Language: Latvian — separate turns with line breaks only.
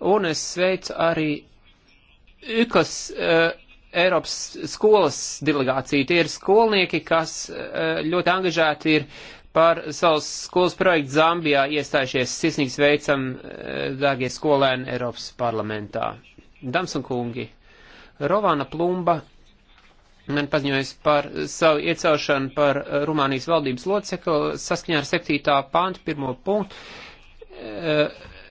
Un es sveicu arī IKAS uh, eh, Eiropas skolas delegāciju. Tie ir skolnieki, kas uh, ļoti angažēti ir par savus skolas projektu Zambijā iestājušies. Sisnīgs veicam, uh, eh, dārgie skolēni, Eiropas parlamentā. Dams un kungi, Rovana Plumba man paziņojas par savu iecaušanu par Rumānijas valdības locekli saskaņā ar 7. pāntu pirmo punktu. Uh,